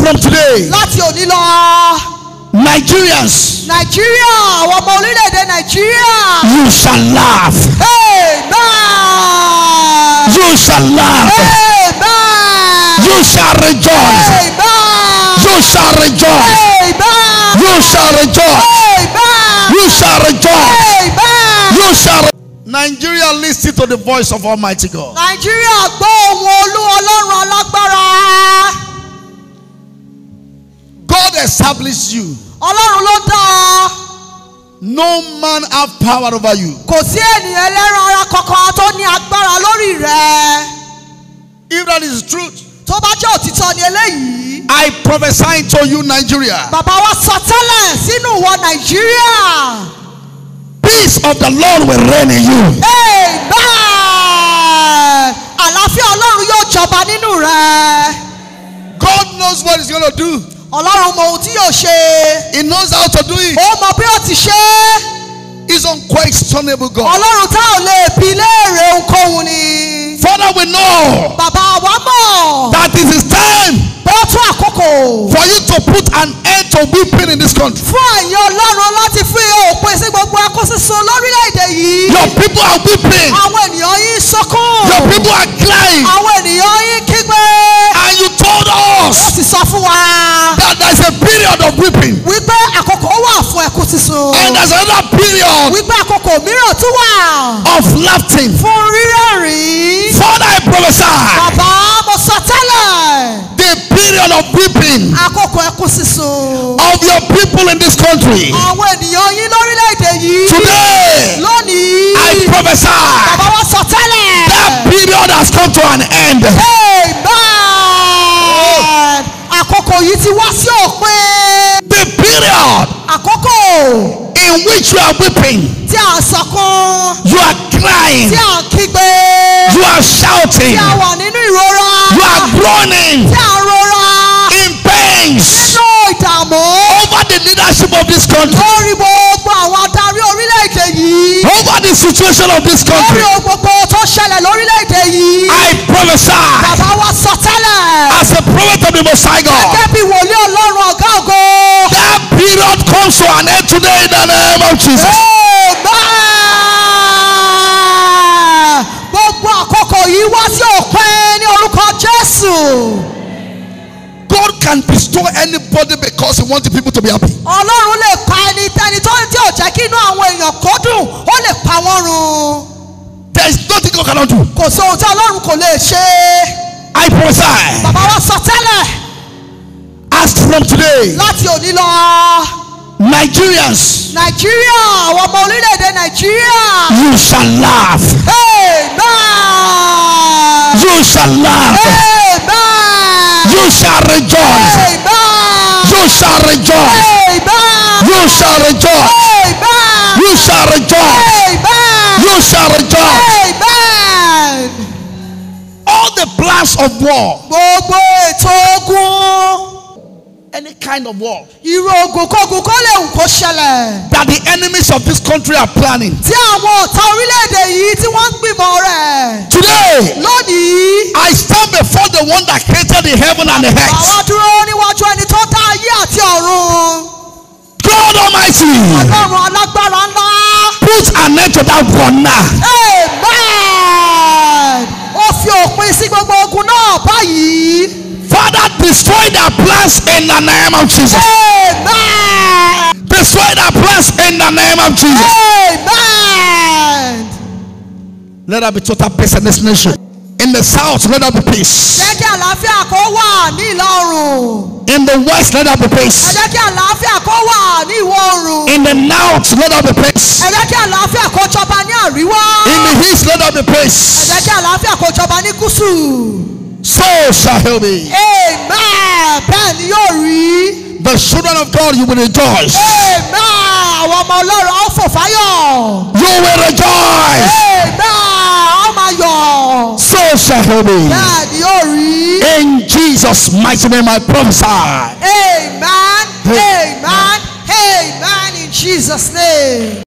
from today. láti òní lọ. Nigerians. Nigeria, àwọn ọmọ orílẹ̀-èdè Nigeria. You shall laugh. Amen. You shall laugh. Amen. You shall rejoice. Amen. You shall rejoice. Amen. You shall rejoice. Amen. You shall rejoice. Amen. You shall. Nigeria listen to the voice of Almighty God. Nigeria gbọ́ ohùn Olúwa established you. Ọlọ́run ló dá ọ. No man have power over you. Kò sí ènìyàn ẹlẹ́ran ara kankan tó ní agbára lórí rẹ. If that is truth. Tó bá jẹ́ òtítọ́ ni eléyìí. I prophesy to you Nigeria. Bàbá wa sọ tẹ́lẹ̀ sínú ìwọ Nàìjíríà. Peace of the Lord will reign in you. Amen. Àlàáfíà Ọlọ́run yóò jọba nínú rẹ. God knows what he's gonna do. Ọlọ́run mọ ohun tí yóò ṣe. He knows how to do it. Ó mọ bí ó ti ṣe é. He's unquestionable God. Ọlọ́run tá ò lè bi léèrè ohunkóhun ni. Father we know. Bàbá wa mọ̀. That is time. Ó àkókò. For you to put an end to pain in this country. Fún àyè Ọlọ́run láti fi òpin sí gbogbo akọ́sísun lórílẹ̀‐èdè yìí. Your people are weeping. Àwọn ènìyàn yìí sọkún. Your people are tuntun. and there is another period. wípé àkókò mìíràn tún wà. of laughing. fún rírẹ́rìn. father I prophesy. bàbá mo sọ tẹ́lẹ̀. the period of weeping. àkókò ẹkún sísun. of your people in this country. àwọn ènìyàn yín lórílẹ̀‐èdè yìí. today. lónìí. I prophesy. bàbá wa sọ tẹ́lẹ̀. that period has come to an end. amen. àkókò yìí ti wá sí òpin. the period. àkókò in which you are weeping. Tí a sọkún. You are crying. Tí a kígbe. You are shouting. Tí a wà nínú ìrora. You are groaning. Tí a rora. In pains. Nínú ìdààmú. Over the leadership of this country. Lórí gbogbo àwọn adarí orílẹ̀-èdè yìí. Over the situation of this country. Lórí gbogbo tó ṣẹlẹ̀ lórílẹ̀-èdè yìí. I prophesy. Bàbá wa sọ tẹ́lẹ̀. As a prophet of the Most High God. Gẹ́gẹ́ bí wòlíì Ọlọ́run ọ̀gá ògo period comes to an end today in the name of Jesus. gbogbo àkókò yìí wá sí òpin ní orúkọ Jésù. God can bestow anybody because he wants the people to be happy. Ọlọ́run lè pa ẹni tẹ́ni tó ń tí ò jẹ́ kí inú àwọn èèyàn kó dùn ó lè pa wọ́n run. There is nothing God cannot do. Kò sóhun tí Ọlọ́run kò lè ṣe. I prophesy. Bàbá wa sọ tẹ́lẹ̀. from today. láti òní lọ. Nigerians. Nigeria, àwọn ọmọ orílẹ̀-èdè Nigeria. You shall laugh. Amen. You shall laugh. Amen. You shall rejoice. Amen. You shall rejoice. Amen. You shall rejoice. Amen. You shall rejoice. Amen. You shall rejoice. Amen. All the plans of war. any kind of war. Irú ogun kó lè wù kó ṣẹlẹ̀. That the enemies of this country are planning. Tí àwọn ọ̀tá orílẹ̀-èdè yìí tí wọ́n ń gbìmọ̀ rẹ̀. Today. Lónìí. I stand before the one that created the heaven and the earth. Àwa dúró níwájú ẹni tó dá ayé àti ọ̀run. God Almighty. Ọlọ́run alágbára ńlá. Put an end to that war now. Amen. Ó fi òpin sí gbogbo ogun náà báyìí. Father, destroy their plans in the name of Jesus. Amen. Destroy their plans in the name of Jesus. Amen. Let there be total peace in this nation. In the south, let there be peace. In the west, let there be peace. In the north, let there be peace. In the east, let there be peace so shall he be. Amen. Bẹ́ẹ̀ The children of God you will rejoice. Amen. Àwọn ọmọ Ọlọ́run You will rejoice. Amen. Ó máa So shall he be. Bẹ́ẹ̀ In Jesus' mighty name I prophesy. Amen. Amen. Amen. Amen. In Jesus' name.